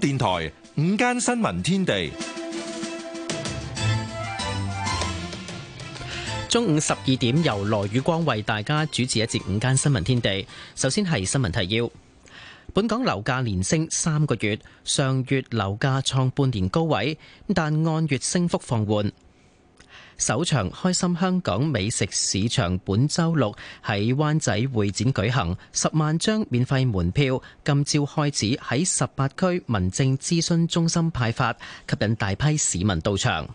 電台午間新聞天地，中午十二點由羅宇光為大家主持一節午間新聞天地。首先係新聞提要：本港樓價連升三個月，上月樓價創半年高位，但按月升幅放緩。首場開心香港美食市場本週六喺灣仔會展舉行，十萬張免費門票，今朝開始喺十八區民政諮詢中心派發，吸引大批市民到場。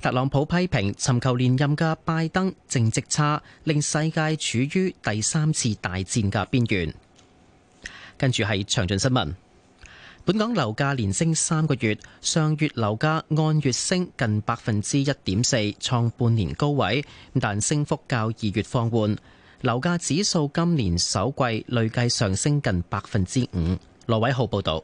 特朗普批評尋求連任嘅拜登政績差，令世界處於第三次大戰嘅邊緣。跟住係詳盡新聞。本港樓價連升三個月，上月樓價按月升近百分之一點四，創半年高位，但升幅較二月放緩。樓價指數今年首季累計上升近百分之五。羅偉浩報導。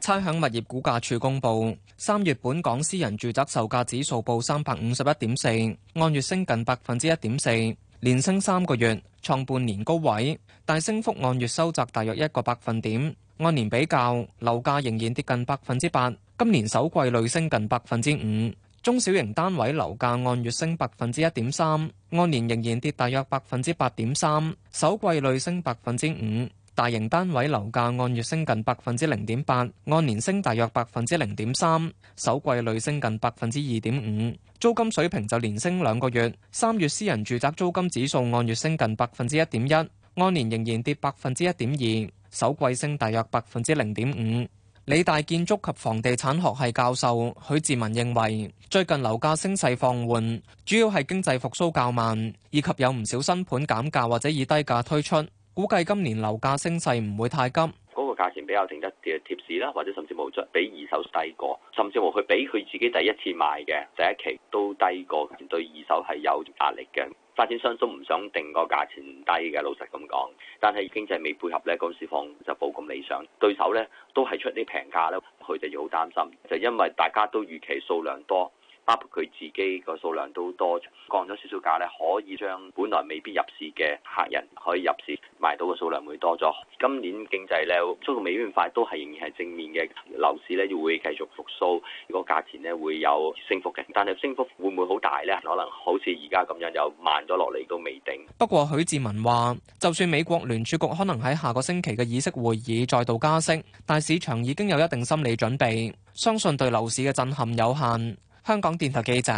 差餉物業估價署公布，三月本港私人住宅售價指數報三百五十一點四，按月升近百分之一點四。連升三個月，創半年高位，但升幅按月收窄大約一個百分點。按年比較，樓價仍然跌近百分之八，今年首季累升近百分之五。中小型單位樓價按月升百分之一點三，按年仍然跌大約百分之八點三，首季累升百分之五。大型單位樓價按月升近百分之零點八，按年升大約百分之零點三，首季累升近百分之二點五。租金水平就連升兩個月，三月私人住宅租金指數按月升近百分之一點一，按年仍然跌百分之一點二，首季升大約百分之零點五。理大建築及房地產學系教授許志文認為，最近樓價升勢放緩，主要係經濟復甦較慢，以及有唔少新盤減價或者以低價推出。估計今年樓價升勢唔會太急，嗰個價錢比較定得嘅貼士啦，或者甚至冇再比二手低過，甚至乎佢比佢自己第一次買嘅第一期都低過，對二手係有壓力嘅。發展商都唔想定個價錢低嘅，老實咁講，但係經濟未配合呢、個市況就冇咁理想。對手呢都係出啲平價咧，佢哋要好擔心，就是、因為大家都預期數量多。包括佢自己個數量都多，降咗少少價呢，可以將本來未必入市嘅客人可以入市買到嘅數量會多咗。今年經濟呢，速度未咁快，都係仍然係正面嘅，樓市呢，會繼續復甦，個價錢呢會有升幅嘅。但係升幅會唔會好大呢？可能好似而家咁樣又慢咗落嚟都未定。不過許志文話：就算美國聯儲局可能喺下個星期嘅議息會議再度加息，但市場已經有一定心理準備，相信對樓市嘅震撼有限。香港電台記者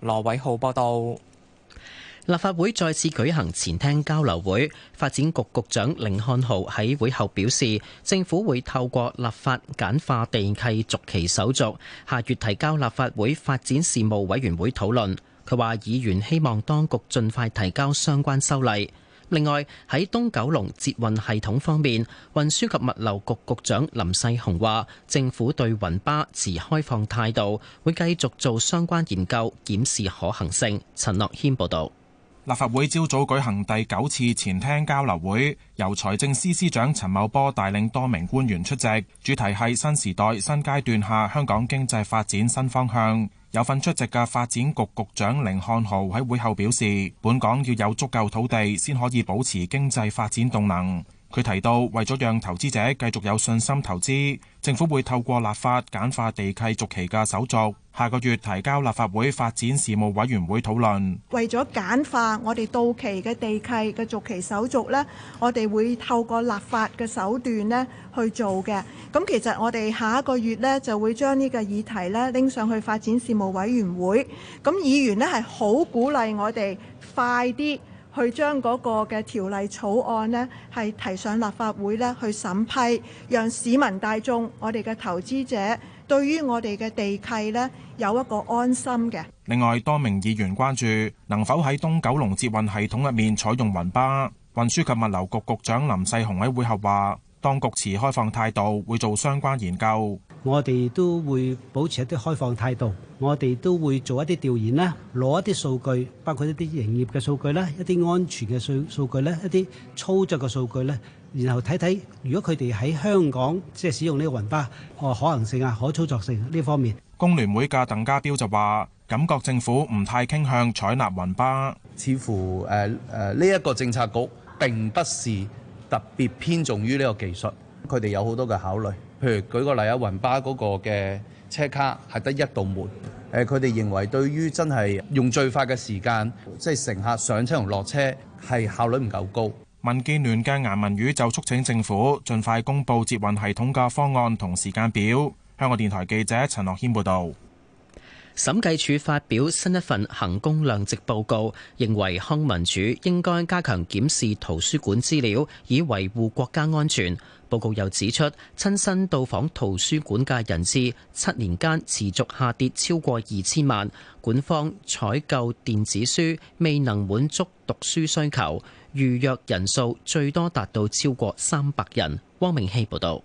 羅偉浩報道，立法會再次舉行前廳交流會，發展局局長甯漢豪喺會後表示，政府會透過立法簡化地契續期手續，下月提交立法會發展事務委員會討論。佢話議員希望當局盡快提交相關修例。另外，喺東九龍捷運系統方面，運輸及物流局局長林世雄話：政府對雲巴持開放態度，會繼續做相關研究，檢視可行性。陳樂軒報導。立法會朝早舉行第九次前廳交流會，由財政司司長陳茂波帶領多名官員出席，主題係新時代新階段下香港經濟發展新方向。有份出席嘅發展局局長甯漢豪喺會後表示，本港要有足夠土地先可以保持經濟發展動能。佢提到，為咗讓投資者繼續有信心投資。政府會透過立法簡化地契續期嘅手續，下個月提交立法會發展事務委員會討論。為咗簡化我哋到期嘅地契嘅續期手續呢，我哋會透過立法嘅手段呢去做嘅。咁其實我哋下一個月呢，就會將呢個議題呢拎上去發展事務委員會。咁議員呢係好鼓勵我哋快啲。去將嗰個嘅條例草案呢，係提上立法會呢去審批，讓市民大眾、我哋嘅投資者對於我哋嘅地契呢有一個安心嘅。另外，多名議員關注能否喺東九龍捷運系統入面採用雲巴，運輸及物流局局長林世雄喺會後話，當局持開放態度，會做相關研究。我哋都會保持一啲開放態度，我哋都會做一啲調研啦，攞一啲數據，包括一啲營業嘅數據啦，一啲安全嘅數數據咧，一啲操作嘅數據咧，然後睇睇如果佢哋喺香港即係使用呢個雲巴，哦，可行性啊，可操作性呢方面。工聯會嘅鄧家彪就話：感覺政府唔太傾向採納雲巴，似乎誒誒，呢一個政策局並不是特別偏重於呢個技術，佢哋有好多嘅考慮。譬如舉個例啊，雲巴嗰個嘅車卡係得一道門。誒，佢哋認為對於真係用最快嘅時間，即係乘客上車同落車係效率唔夠高。民建聯嘅顏文宇就促請政府盡快公布接運系統嘅方案同時間表。香港電台記者陳樂軒報導。審計署發表新一份衡工量值報告，認為康文署應該加強檢視圖書館資料，以維護國家安全。報告又指出，親身到訪圖書館嘅人次七年間持續下跌超過二千萬，館方採購電子書未能滿足讀書需求，預約人數最多達到超過三百人。汪明希報導。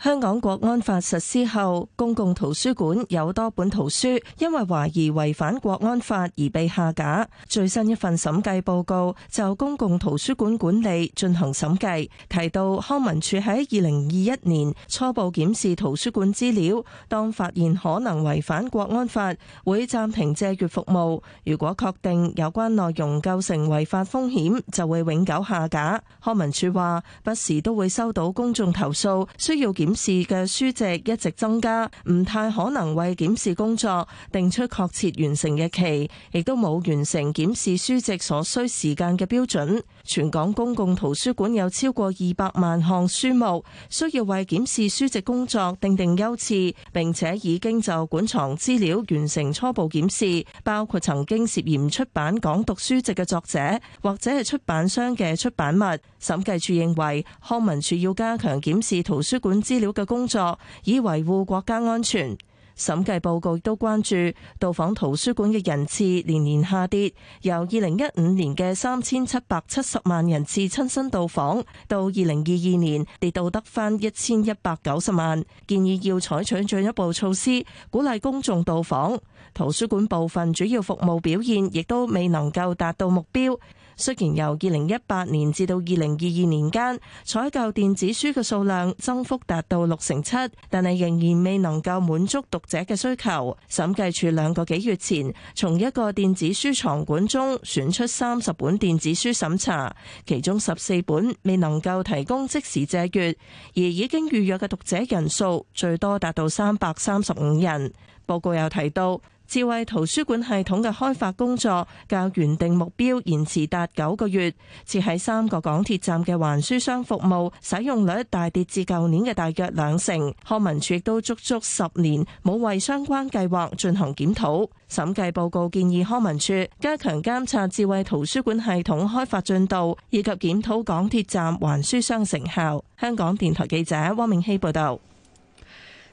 香港國安法實施後，公共圖書館有多本圖書因為懷疑違反國安法而被下架。最新一份審計報告就公共圖書館管理進行審計，提到康文署喺二零二一年初步檢視圖書館資料，當發現可能違反國安法，會暫停借閱服務。如果確定有關內容構成違法風險，就會永久下架。康文署話不時都會收到公眾投訴，需要檢。檢視嘅書籍一直增加，唔太可能為檢視工作定出確切完成日期，亦都冇完成檢視書籍所需時間嘅標準。全港公共圖書館有超過二百萬項書目，需要為檢視書籍工作定定優次，並且已經就館藏資料完成初步檢視，包括曾經涉嫌出版港獨書籍嘅作者或者係出版商嘅出版物。審計處認為，康文署要加強檢視圖書館之。資料嘅工作，以維護國家安全。審計報告亦都關注，到訪圖書館嘅人次年年下跌，由二零一五年嘅三千七百七十萬人次親身到訪，到二零二二年跌到得翻一千一百九十萬，建議要採取進一步措施，鼓勵公眾到訪圖書館。部分主要服務表現亦都未能夠達到目標。雖然由二零一八年至到二零二二年間，採購電子書嘅數量增幅達到六成七，但係仍然未能夠滿足讀者嘅需求。審計處兩個幾月前，從一個電子書藏館中選出三十本電子書審查，其中十四本未能夠提供即時借閱，而已經預約嘅讀者人數最多達到三百三十五人。報告又提到，智慧圖書館系統嘅開發工作較原定目標延遲達九個月，設喺三個港鐵站嘅還書箱服務使用率大跌至舊年嘅大約兩成。康文署亦都足足十年冇為相關計劃進行檢討。審計報告建議康文署加強監察智慧圖書館系統開發進度，以及檢討港鐵站還書箱成效。香港電台記者汪明希報道。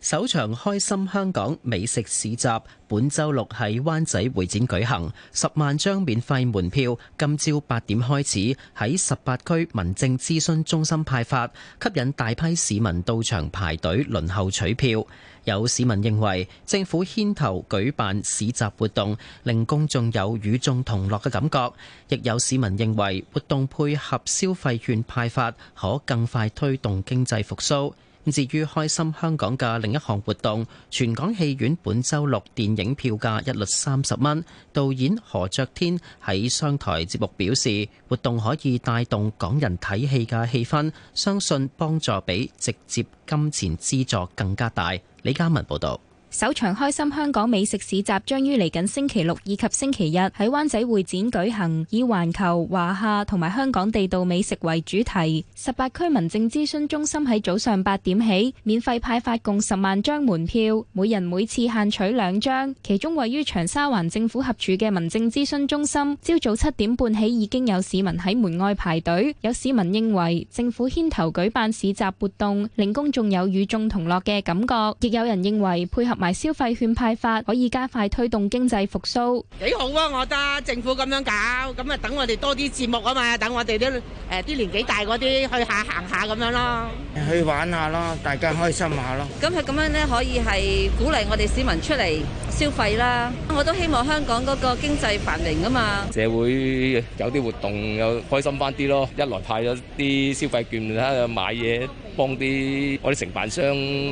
首場開心香港美食市集本周六喺灣仔會展舉行，十萬張免費門票今朝八點開始喺十八區民政諮詢中心派發，吸引大批市民到場排隊輪候取票。有市民認為政府牽頭舉辦市集活動，令公眾有與眾同樂嘅感覺；亦有市民認為活動配合消費券派發，可更快推動經濟復甦。至於開心香港嘅另一項活動，全港戲院本周六電影票價一律三十蚊。導演何爵天喺商台節目表示，活動可以帶動港人睇戲嘅氣氛，相信幫助比直接金錢資助更加大。李嘉文報道。首場開心香港美食市集將於嚟緊星期六以及星期日喺灣仔會展舉行，以環球、華夏同埋香港地道美食為主題。十八區民政諮詢中心喺早上八點起免費派發共十萬張門票，每人每次限取兩張。其中位於長沙灣政府合署嘅民政諮詢中心，朝早七點半起已經有市民喺門外排隊。有市民認為政府牽頭舉辦市集活動，令公眾有與眾同樂嘅感覺，亦有人認為配合埋消費券派發可以加快推動經濟復甦，幾好啊！我覺得政府咁樣搞，咁啊等我哋多啲節目啊嘛，等我哋啲誒啲年紀大嗰啲去下行下咁樣咯，去玩下咯，大家開心下咯。咁佢咁樣咧可以係鼓勵我哋市民出嚟消費啦。我都希望香港嗰個經濟繁榮啊嘛。社會有啲活動又開心翻啲咯，一來派咗啲消費券啦，買嘢。幫啲我啲承辦商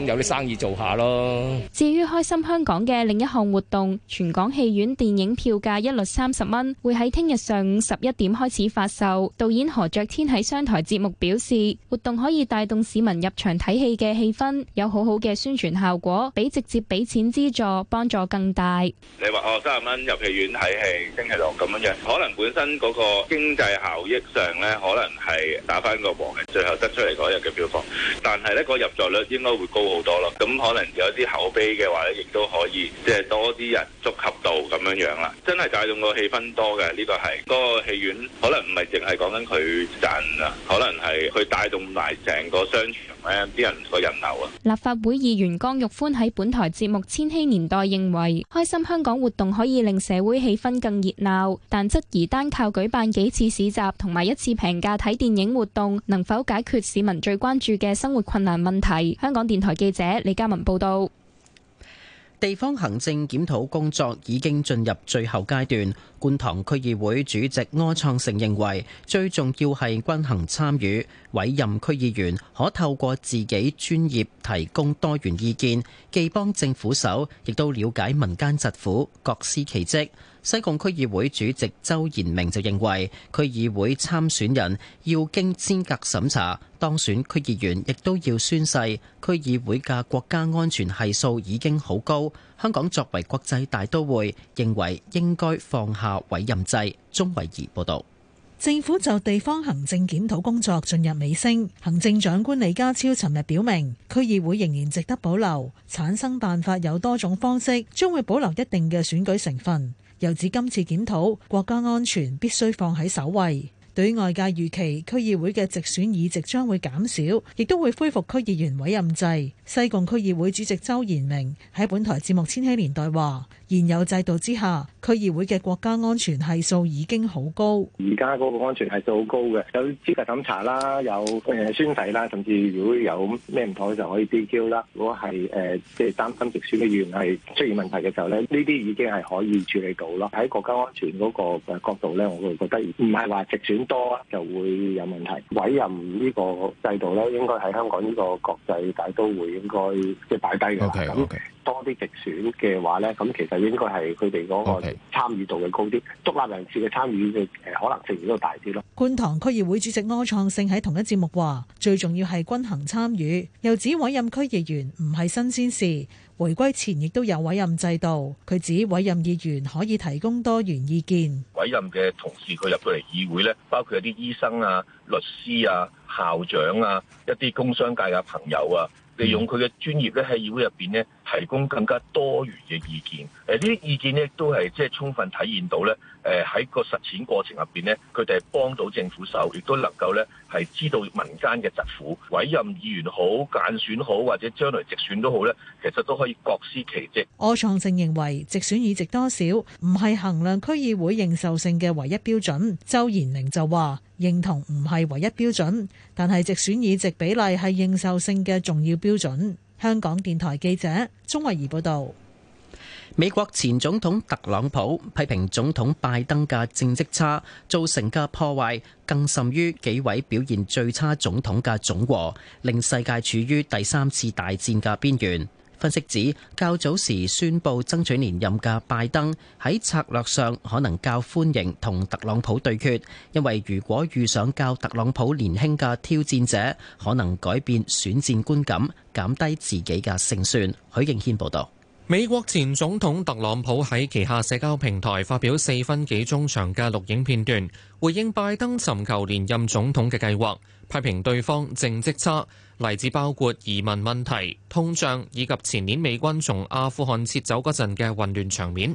有啲生意做下咯。至於開心香港嘅另一項活動，全港戲院電影票價一律三十蚊，會喺聽日上午十一點開始發售。導演何爵天喺商台節目表示，活動可以帶動市民入場睇戲嘅氣氛，有好好嘅宣傳效果，比直接俾錢資助幫助更大。你話哦，三十蚊入戲院睇戲，星期六咁樣，可能本身嗰個經濟效益上呢，可能係打翻個王嘅，最後得出嚟嗰日嘅票房。但係咧個入座率應該會高好多咯，咁可能有啲口碑嘅話咧，亦都可以即係多啲人觸及到咁樣樣啦。真係帶動個氣氛多嘅呢個係，嗰個戲院可能唔係淨係講緊佢賺啊，可能係去帶動埋成個商場咧，啲人個人流啊。立法會議員江玉歡喺本台節目《千禧年代》認為，開心香港活動可以令社會氣氛更熱鬧，但質疑單靠舉辦幾次市集同埋一次平價睇電影活動，能否解決市民最關注？嘅生活困難問題。香港電台記者李嘉文報道，地方行政檢討工作已經進入最後階段。觀塘區議會主席柯創成認為，最重要係均衡參與，委任區議員可透過自己專業提供多元意見，既幫政府手，亦都了解民間疾苦，各司其職。西貢區議會主席周賢明就認為，區議會參選人要經資格審查，當選區議員亦都要宣誓。區議會嘅國家安全係數已經好高，香港作為國際大都會，認為應該放下委任制。鐘偉儀報道，政府就地方行政檢討工作進入尾聲，行政長官李家超尋日表明，區議會仍然值得保留，產生辦法有多種方式，將會保留一定嘅選舉成分。又指今次檢討，國家安全必須放喺首位。對於外界預期，區議會嘅直選議席將會減少，亦都會恢復區議員委任制。西貢區議會主席周延明喺本台節目《千禧年代》話。現有制度之下，區議會嘅國家安全係數已經好高。而家嗰個安全係數好高嘅，有資格審查啦，有誒宣誓啦，甚至如果有咩唔妥就可以 DQ 啦。如果係誒即係擔心直選嘅議員係出現問題嘅時候咧，呢啲已經係可以處理到咯。喺國家安全嗰個誒角度咧，我會覺得唔係話直選多就會有問題。委任呢個制度咧，應該喺香港呢個國際大都會應該即係擺低嘅。O K。多啲直選嘅話，咧，咁其實應該，係佢哋嗰個參與度會高啲，獨立人士嘅參與嘅誒可能性亦都大啲咯。觀塘區議會主席柯創勝喺同一節目話，最重要係均衡參與，又指委任區議員唔係新鮮事，回歸前亦都有委任制度。佢指委任議員可以提供多元意見，委任嘅同事佢入到嚟議會咧，包括有啲醫生啊、律師啊、校長啊、一啲工商界嘅朋友啊，利用佢嘅專業咧喺議會入邊咧。提供更加多元嘅意見誒呢啲意見咧都係即係充分體現到咧誒喺個實踐過程入邊咧，佢哋係幫到政府手，亦都能夠咧係知道民間嘅疾苦，委任議員好、間選好或者將來直選都好咧，其實都可以各司其職。柯創盛認為直選議席多少唔係衡量區議會認受性嘅唯一標準，周延寧就話認同唔係唯一標準，但係直選議席比例係認受性嘅重要標準。香港電台記者鍾慧怡報道，美國前總統特朗普批評總統拜登嘅政績差，造成嘅破壞更甚於幾位表現最差總統嘅總和，令世界處於第三次大戰嘅邊緣。分析指，較早時宣布爭取連任嘅拜登，喺策略上可能較歡迎同特朗普對決，因為如果遇上較特朗普年輕嘅挑戰者，可能改變選戰觀感，減低自己嘅勝算。許敬軒報道。美國前總統特朗普喺旗下社交平台發表四分幾鐘長嘅錄影片段，回應拜登尋求連任總統嘅計劃，批評對方政績差。例子包括移民問題、通脹以及前年美軍從阿富汗撤走嗰陣嘅混亂場面。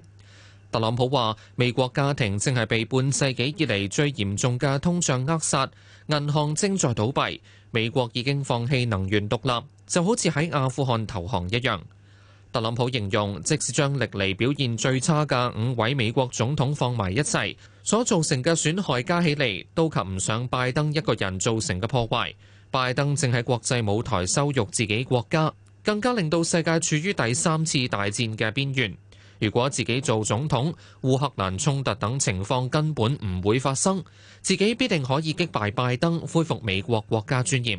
特朗普話：美國家庭正係被半世紀以嚟最嚴重嘅通脹扼殺，銀行正在倒閉，美國已經放棄能源獨立，就好似喺阿富汗投降一樣。特朗普形容，即使將歷嚟表現最差嘅五位美國總統放埋一齊，所造成嘅損害加起嚟，都及唔上拜登一個人造成嘅破壞，拜登正喺國際舞台羞辱自己國家，更加令到世界處於第三次大戰嘅邊緣。如果自己做總統，烏克蘭衝突等情況根本唔會發生，自己必定可以擊敗拜登，恢復美國國家尊嚴。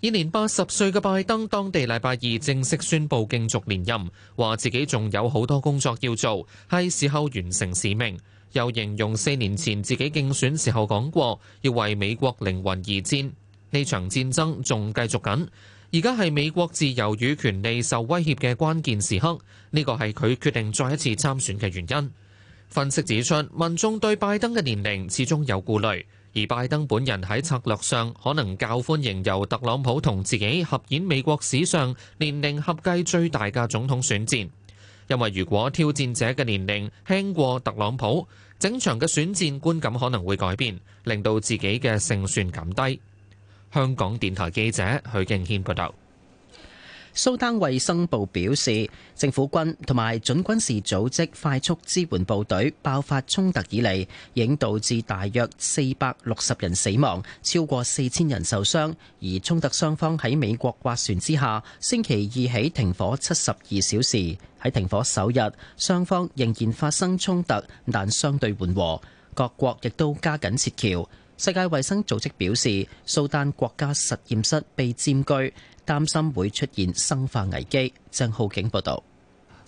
已年八十歲嘅拜登，當地禮拜二正式宣布競逐連任，話自己仲有好多工作要做，係時候完成使命。又形容四年前自己競選時候講過，要為美國靈魂而戰，呢場戰爭仲繼續緊。而家係美國自由與權利受威脅嘅關鍵時刻，呢個係佢決定再一次參選嘅原因。分析指出，民眾對拜登嘅年齡始終有顧慮。而拜登本人喺策略上可能較歡迎由特朗普同自己合演美國史上年齡合計最大嘅總統選戰，因為如果挑戰者嘅年齡輕過特朗普，整場嘅選戰觀感可能會改變，令到自己嘅勝算減低。香港電台記者許敬軒報道。蘇丹衛生部表示，政府軍同埋準軍事組織快速支援部隊爆發衝突以嚟，已經導致大約四百六十人死亡，超過四千人受傷。而衝突雙方喺美國斡旋之下，星期二起停火七十二小時。喺停火首日，雙方仍然發生衝突，但相對緩和。各國亦都加緊撤僑。世界衛生組織表示，蘇丹國家實驗室被佔據。擔心會出現生化危機，鄭浩景報道。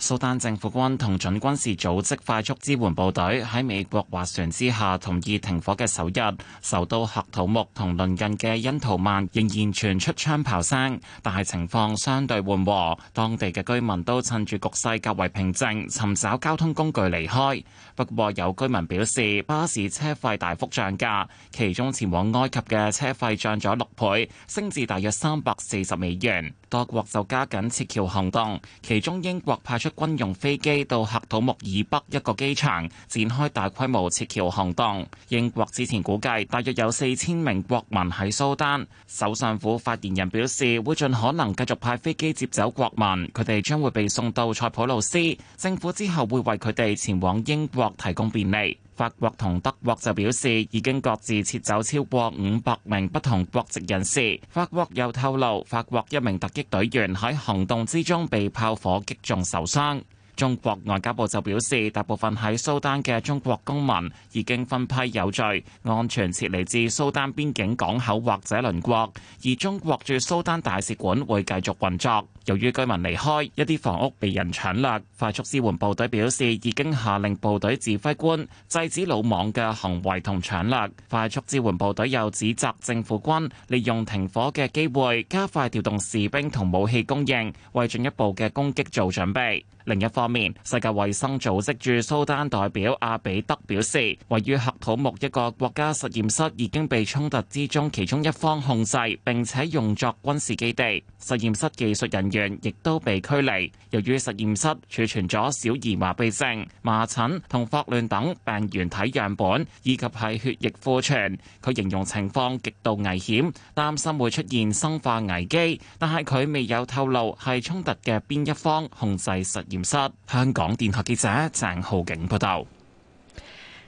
蘇丹政府軍同準軍事組織快速支援部隊喺美國斡旋之下同意停火嘅首日，首都喀土木同鄰近嘅恩圖曼仍然傳出槍炮聲，但係情況相對緩和。當地嘅居民都趁住局勢較為平靜，尋找交通工具離開。不過有居民表示，巴士車費大幅漲價，其中前往埃及嘅車費漲咗六倍，升至大約三百四十美元。多國就加緊撤僑行動，其中英國派出軍用飛機到喀土穆以北一個機場，展開大規模撤僑行動。英國之前估計，大約有四千名國民喺蘇丹。首相府發言人表示，會盡可能繼續派飛機接走國民，佢哋將會被送到塞浦路斯，政府之後會為佢哋前往英國提供便利。法國同德國就表示已經各自撤走超過五百名不同國籍人士。法國又透露，法國一名突擊隊員喺行動之中被炮火擊中受傷。中國外交部就表示，大部分喺蘇丹嘅中國公民已經分批有序安全撤離至蘇丹邊境港口或者鄰國，而中國駐蘇丹大使館會繼續運作。由於居民離開，一啲房屋被人搶掠，快速支援部隊表示已經下令部隊指揮官制止魯莽嘅行為同搶掠。快速支援部隊又指責政府軍利用停火嘅機會加快調動士兵同武器供應，為進一步嘅攻擊做準備。另一方面，世界衛生組織駐蘇丹代表阿比德表示，位於喀土穆一個國家實驗室已經被衝突之中其中一方控制，並且用作軍事基地。實驗室技術人員亦都被驅離，由於實驗室儲存咗小兒麻痹症、麻疹同霍亂等病原體樣本，以及係血液庫存，佢形容情況極度危險，擔心會出現生化危機，但係佢未有透露係衝突嘅邊一方控制實。驗室。香港電學記者鄭浩景報道，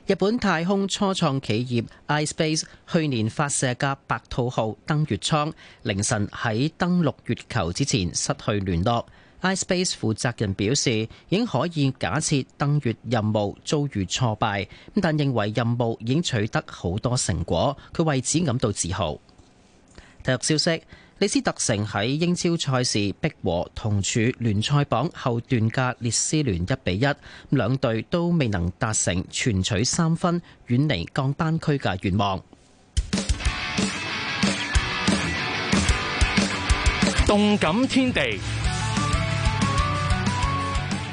日本太空初創企業 iSpace 去年發射架白兔號登月艙，凌晨喺登陸月球之前失去聯絡。iSpace 負責人表示，已經可以假設登月任務遭遇挫敗，但認為任務已經取得好多成果，佢為此感到自豪。體育消息。李斯特城喺英超賽事逼和同處聯賽榜後段嘅列斯聯一比一，兩隊都未能達成全取三分、遠離降班區嘅願望。動感天地，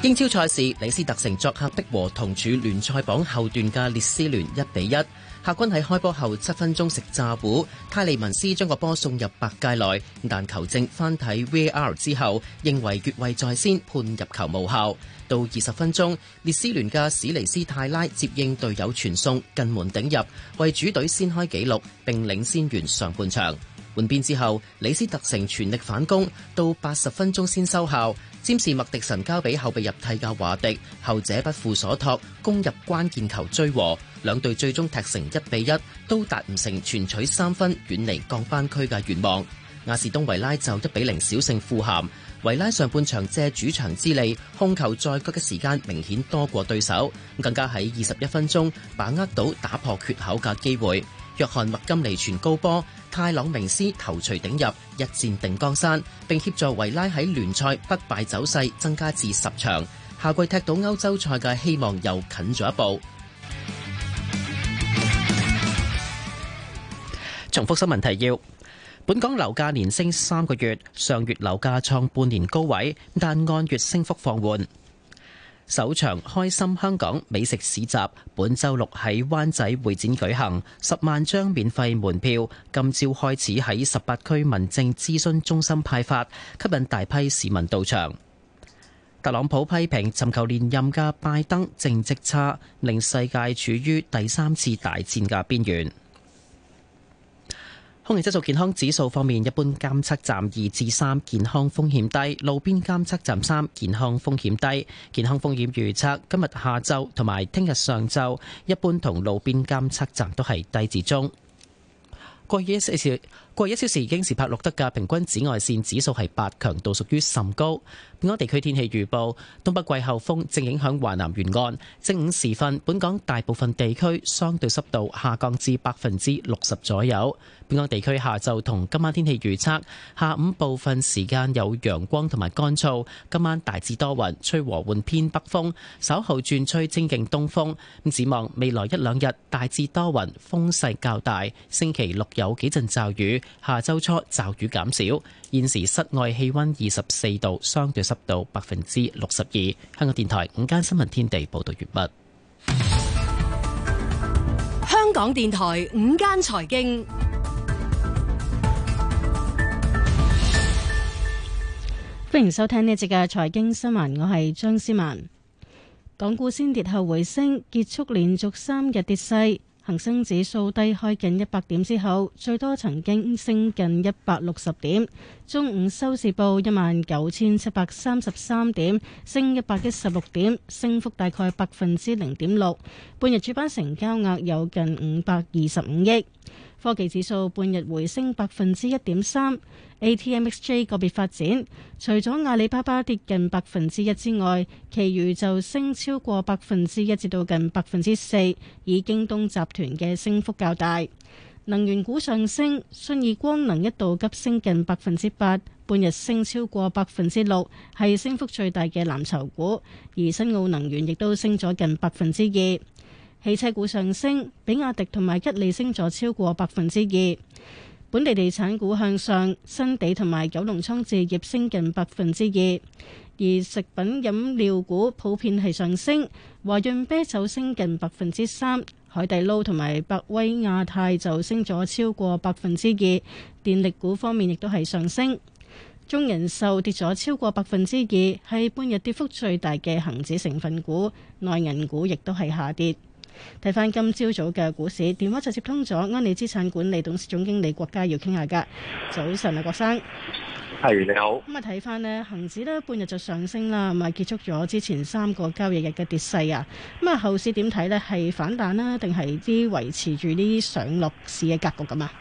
英超賽事李斯特城作客逼和同處聯賽榜後段嘅列斯聯一比一。客軍喺開波後七分鐘食炸糊，泰利文斯將個波送入白界內，但球證翻睇 VR 之後，認為越位在先，判入球無效。到二十分鐘，列斯聯嘅史尼斯泰拉接應隊友傳送，近門頂入，為主隊先開紀錄，並領先完上半場。換邊之後，李斯特城全力反攻，到八十分鐘先收效。占士麥迪神交俾後備入替嘅華迪，後者不負所託，攻入關鍵球追和，兩隊最終踢成一比一，都達唔成全取三分、遠離降班區嘅願望。亞士東維拉就一比零小勝富咸。維拉上半場借主場之利，控球在腳嘅時間明顯多過對手，更加喺二十一分鐘把握到打破缺口嘅機會。約翰麥金尼傳高波，泰朗明斯頭錘頂入，一戰定江山，並協助維拉喺聯賽不敗走勢增加至十場，下季踢到歐洲賽嘅希望又近咗一步。重複新聞提要，本港樓價連升三個月，上月樓價創半年高位，但按月升幅放緩。首場開心香港美食市集本週六喺灣仔會展舉行，十萬張免費門票今朝開始喺十八區民政諮詢中心派發，吸引大批市民到場。特朗普批評尋求連任嘅拜登政績差，令世界處於第三次大戰嘅邊緣。空氣質素健康指數方面，一般監測站二至三，健康風險低；路邊監測站三，健康風險低。健康風險預測今日下晝同埋聽日上晝，一般同路邊監測站都係低至中。國語一些過去一小時已經京士柏錄得嘅平均紫外線指數係八，強度屬於甚高。本港地區天氣預報，東北季候風正影響華南沿岸。正午時分，本港大部分地區相對濕度下降至百分之六十左右。本港地區下晝同今晚天氣預測，下午部分時間有陽光同埋乾燥，今晚大致多雲，吹和緩偏北風，稍後轉吹清勁東風。咁，展望未來一兩日大致多雲，風勢較大。星期六有幾陣驟雨。下周初驟雨減少，現時室外氣溫二十四度，相對濕度百分之六十二。香港電台午間新聞天地報道完畢。香港電台午間財經，歡迎收聽呢一節嘅財經新聞，我係張思曼。港股先跌後回升，結束連續三日跌勢。恒生指數低開近一百點之後，最多曾經升近一百六十點。中午收市報一萬九千七百三十三點，升一百一十六點，升幅大概百分之零點六。半日主板成交額有近五百二十五億。科技指數半日回升百分之一點三，ATMXJ 個別發展，除咗阿里巴巴跌近百分之一之外，其餘就升超過百分之一至到近百分之四，以京東集團嘅升幅較大。能源股上升，信義光能一度急升近百分之八，半日升超過百分之六，係升幅最大嘅藍籌股，而新奧能源亦都升咗近百分之二。汽車股上升，比亞迪同埋吉利升咗超過百分之二。本地地產股向上，新地同埋九龍倉置業升近百分之二。而食品飲料股普遍係上升，華潤啤酒升近百分之三，海底撈同埋百威亞太就升咗超過百分之二。電力股方面亦都係上升，中人壽跌咗超過百分之二，係半日跌幅最大嘅恒指成分股，內銀股亦都係下跌。睇翻今朝早嘅股市，電話就接通咗安利資產管理董事總經理郭家耀傾下噶。早晨啊，郭生，係你好。咁啊，睇翻呢？恒指呢半日就上升啦，咁啊結束咗之前三個交易日嘅跌勢啊。咁、嗯、啊，後市點睇呢？係反彈啦、啊，定係啲維持住呢啲上落市嘅格局咁啊？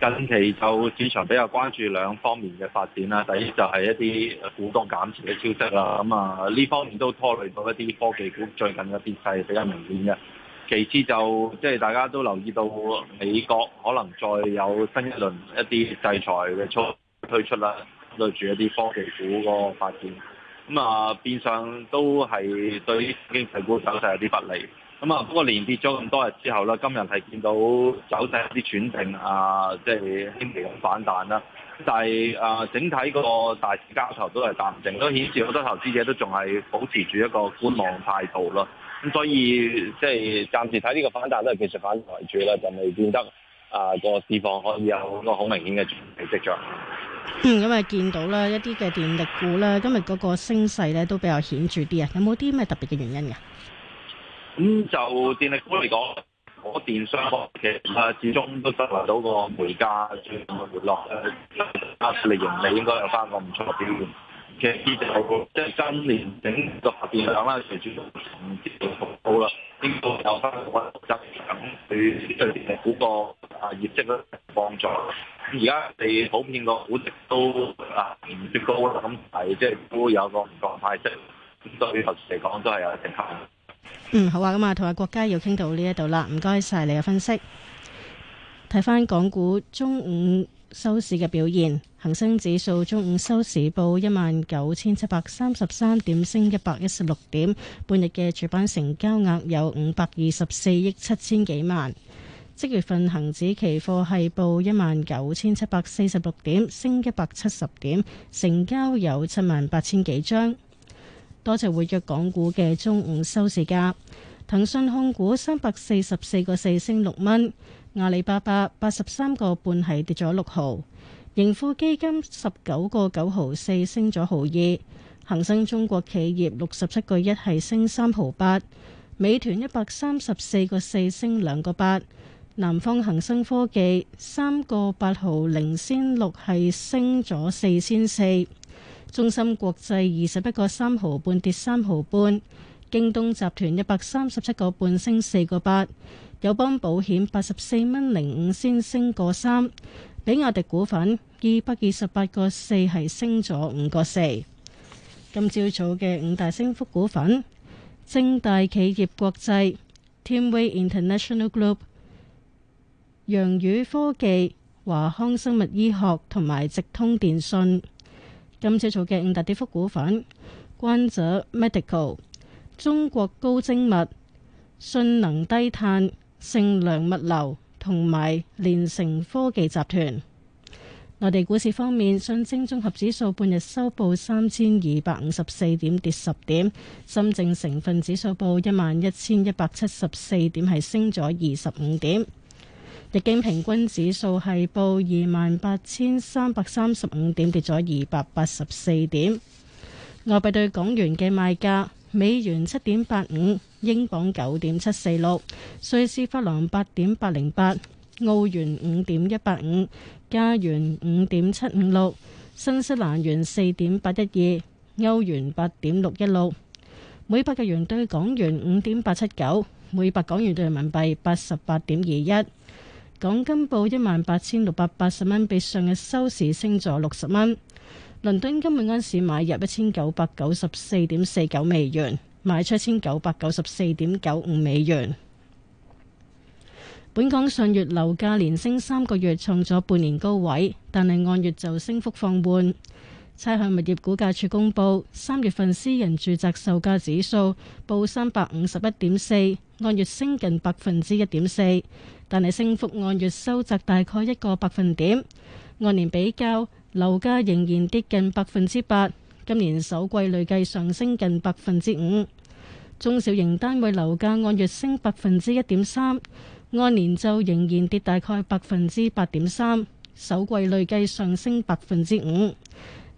近期就市場比較關注兩方面嘅發展啦，第一就係一啲股東減持嘅消息啦，咁啊呢方面都拖累到一啲科技股最近嘅跌勢比較明顯嘅。其次就即係大家都留意到美國可能再有新一輪一啲制裁嘅措推出啦，對住一啲科技股個發展，咁啊變相都係對於經濟股走勢有啲不利。咁、嗯、啊，嗰個連跌咗咁多日之後咧，今日係見到走勢一啲轉穩啊，即係輕微咁反彈啦。但係啊，整體個大市交投都係淡靜，都顯示好多投資者都仲係保持住一個觀望態度咯。咁、啊、所以即係、就是、暫時睇呢個反彈都係技術反彈為主啦，就未見得啊個市況可以有好多好明顯嘅轉勢跡象。咁啊、嗯嗯，見到咧一啲嘅電力股咧，今日嗰個升勢咧都比較顯著啲啊，有冇啲咩特別嘅原因嘅？咁、嗯、就電力股嚟講，我電商嘅誒、啊、始終都得嚟到個煤價最近嘅回落，誒加利盈利應該有翻個唔錯嘅表現。其實其、就、實、是、即係今年整個電量咧，隨住唔節逐步高啦，應該有翻個質。咁佢對電力股個啊業績咧幫助。咁而家你普遍個股值都啊唔算高啦，咁、啊、係即係都有個唔降派息。咁對投資嚟講都係有一定成效。嗯。嗯，好啊，咁啊，同阿郭佳要傾到呢一度啦，唔該晒你嘅分析。睇返港股中午收市嘅表現，恒生指數中午收市報一萬九千七百三十三點，升一百一十六點。半日嘅主板成交額有五百二十四億七千幾萬。即月份恒指期貨係報一萬九千七百四十六點，升一百七十點，成交有七萬八千幾張。多隻活躍港股嘅中午收市價，騰訊控股三百四十四個四升六蚊，阿里巴巴八十三個半係跌咗六毫，盈富基金十九個九毫四升咗毫二，恒生中國企業六十七個一係升三毫八，美團一百三十四個四升兩個八，南方恒生科技三個八毫零先六係升咗四千四。中芯國際二十一個三毫半跌三毫半，京東集團一百三十七個半升四個八，友邦保險八十四蚊零五先升個三，比亞迪股份二百二十八個四係升咗五個四。今朝早嘅五大升幅股份：正大企業國際、Teamway International Group、揚宇科技、華康生物醫學同埋直通電信。今次做嘅五大跌幅股份，關者 Medical、中國高精密、信能低碳、盛良物流同埋聯成科技集團。內地股市方面，上證綜合指數半日收報三千二百五十四點，跌十點，深證成分指數報一萬一千一百七十四點，係升咗二十五點。日經平均指數係報二萬八千三百三十五點，跌咗二百八十四點。外幣對港元嘅賣價：美元七點八五，英鎊九點七四六，瑞士法郎八點八零八，澳元五點一八五，加元五點七五六，新西蘭元四點八一二，歐元八點六一六。每百日元對港元五點八七九，每百港元對人民幣八十八點二一。港金報一萬八千六百八十蚊，比上日收市升咗六十蚊。倫敦金每盎司買入一千九百九十四點四九美元，賣出一千九百九十四點九五美元。本港上月樓價連升三個月，創咗半年高位,但係按月就升幅放緩。差餉物業估價署公布，三月份私人住宅售價指數報三百五十一點四，按月升近百分之一點四，但係升幅按月收窄大概一個百分點。按年比較，樓價仍然跌近百分之八，今年首季累計上升近百分之五。中小型單位樓價按月升百分之一點三，按年就仍然跌大概百分之八點三，首季累計上升百分之五。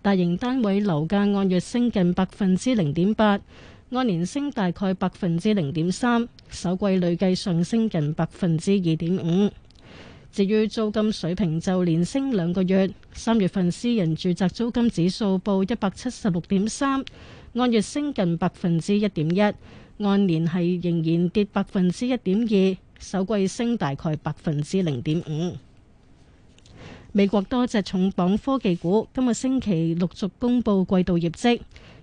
大型單位樓價按月升近百分之零點八，按年升大概百分之零點三，首季累計上升近百分之二點五。至於租金水平就連升兩個月，三月份私人住宅租金指數報一百七十六點三，按月升近百分之一點一，按年係仍然跌百分之一點二，首季升大概百分之零點五。美國多隻重磅科技股今個星期陸續公布季度業績，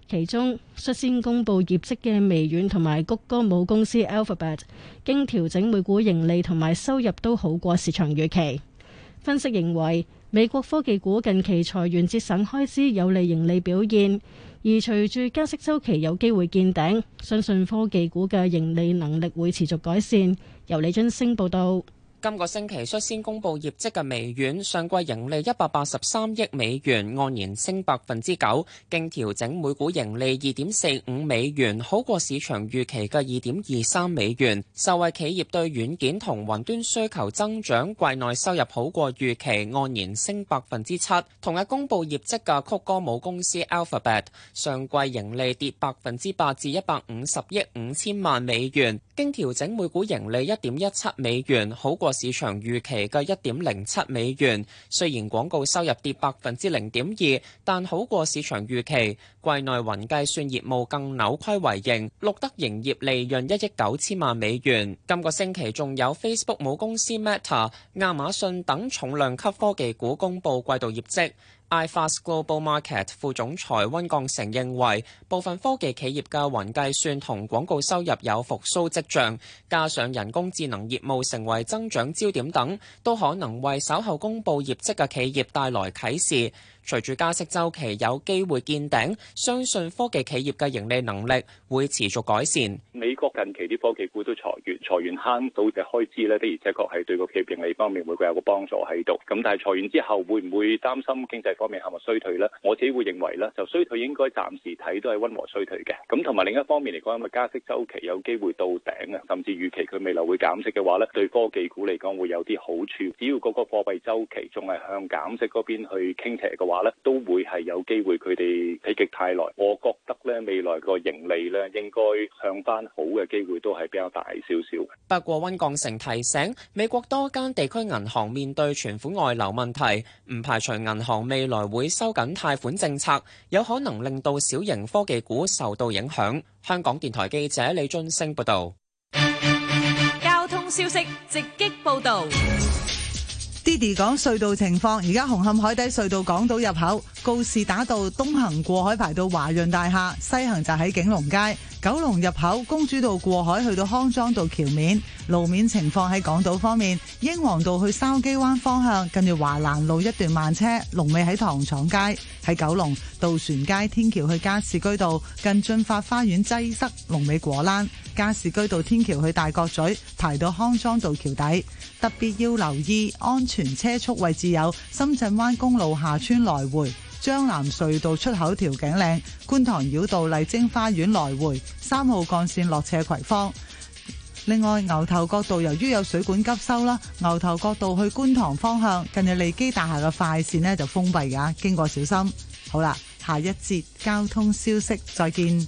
其中率先公布業績嘅微軟同埋谷歌母公司 Alphabet，經調整每股盈利同埋收入都好過市場預期。分析認為，美國科技股近期裁員節省開支，有利盈利表現，而隨住加息周期有機會見頂，相信科技股嘅盈利能力會持續改善。由李津升報道。今個星期率先公布業績嘅微軟上季盈利一百八十三億美元，按年升百分之九，經調整每股盈利二點四五美元，好過市場預期嘅二點二三美元。受惠企業對軟件同雲端需求增長，季內收入好過預期，按年升百分之七。同日公佈業績嘅谷歌母公司 Alphabet 上季盈利跌百分之八至一百五十億五千萬美元，經調整每股盈利一點一七美元，好過市場預期嘅一點零七美元，雖然廣告收入跌百分之零點二，但好過市場預期。季內雲計算業務更扭虧為盈，錄得營業利潤一億九千萬美元。今、這個星期仲有 Facebook 母公司 Meta、亞馬遜等重量級科技股公布季度業績。iFast Global Market 副總裁溫鋼成認為，為部分科技企業嘅雲計算同廣告收入有復蘇跡象，加上人工智能業務成為增長焦點等，都可能為稍後公布業績嘅企業帶來啟示。隨住加息周期有機會見頂，相信科技企業嘅盈利能力會持續改善。美國近期啲科技股都裁員，裁員慳到嘅開支呢的而且確係對個企業盈利方面會有個幫助喺度。咁但係裁員之後會唔會擔心經濟方面係咪衰退呢？我自己會認為呢就衰退應該暫時睇都係溫和衰退嘅。咁同埋另一方面嚟講，因為加息周期有機會到頂啊，甚至預期佢未來會減息嘅話呢對科技股嚟講會有啲好處。只要嗰個貨幣周期仲係向減息嗰邊去傾斜嘅話，咧都會係有機會佢哋否極泰來，我覺得咧未來個盈利咧應該向翻好嘅機會都係比較大少少。不過溫鋼城提醒，美國多間地區銀行面對存款外流問題，唔排除銀行未來會收緊貸款政策，有可能令到小型科技股受到影響。香港電台記者李俊升報導。交通消息直擊報導。Diddy 講隧道情況，而家紅磡海底隧道港島入口告士打道東行過海排到華潤大廈，西行就喺景隆街，九龍入口公主道過海去到康莊道橋面。路面情況，喺港島方面，英皇道去筲箕灣方向，近住華蘭路一段慢車，龍尾喺糖廠街。喺九龍渡船街天橋去加士居道，近駿發花園擠塞，龍尾果欄。加士居道天橋去大角咀，排到康莊道橋底，特別要留意安全車速位置有深圳灣公路下村來回、張南隧道出口、調景嶺、觀塘繞道麗晶花園來回、三號幹線落斜葵芳。另外，牛頭角道由於有水管急收啦，牛頭角道去觀塘方向，近日利基大廈嘅快線呢就封閉噶，經過小心。好啦，下一節交通消息，再見。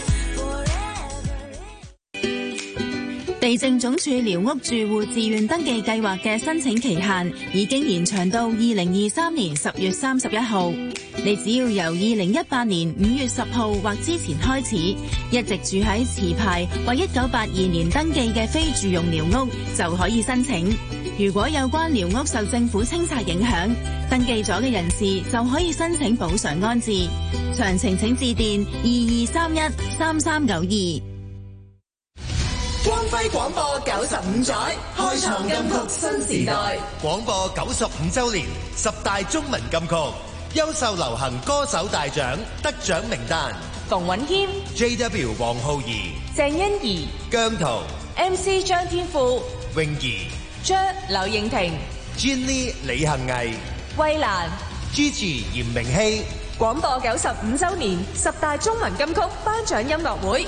地政總署寮屋住戶自願登記計劃嘅申請期限已經延長到二零二三年十月三十一號。你只要由二零一八年五月十號或之前開始，一直住喺持牌或一九八二年登記嘅非住用寮屋，就可以申請。如果有關寮屋受政府清拆影響，登記咗嘅人士就可以申請補償安置。詳情請致電二二三一三三九二。輝廣播九十五載，開創音樂新時代。廣播九十五周年十大中文金曲優秀流行歌手大獎得獎名單：馮允謙、JW、王灝兒、鄭欣宜、姜濤、MC 張天賦、泳兒、J、劉穎婷、Jenny 李幸倪、衛蘭、Gigi 炎明熙。廣播九十五周年十大中文金曲頒獎音樂會。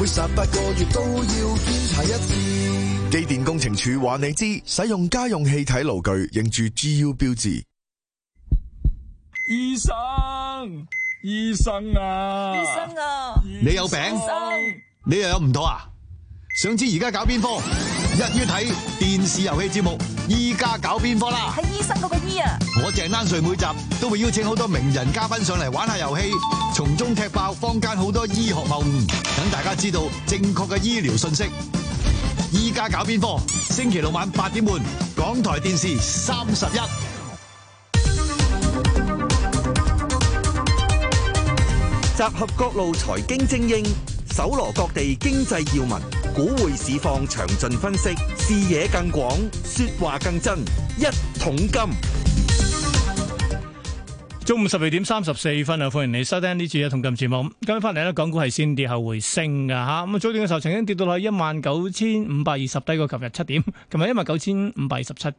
每十八個月都要檢查一次。機電工程署話你知，使用家用氣體爐具認住 GU 標誌。醫生，醫生啊，醫生啊，你有病，醫生，你又有唔到啊？想知而家搞邊科？一於睇電視遊戲節目，依家搞邊科啦？係醫生嗰個醫啊！我鄭丹瑞每集都會邀請好多名人嘉賓上嚟玩下遊戲，從中踢爆坊間好多醫學謬誤，等大家知道正確嘅醫療信息。依家搞邊科？星期六晚八點半，港台電視三十一，集合各路財經精英，搜羅各地經濟要聞。股匯市況詳盡分析，視野更廣，說話更真。一桶金，中午十二點三十四分啊！歡迎你收聽呢次嘅同金節目。今日翻嚟咧，港股係先跌後回升噶吓。咁早段嘅時候曾經跌到落一萬九千五百二十，低過琴日七點，琴日一萬九千五百二十七嘅。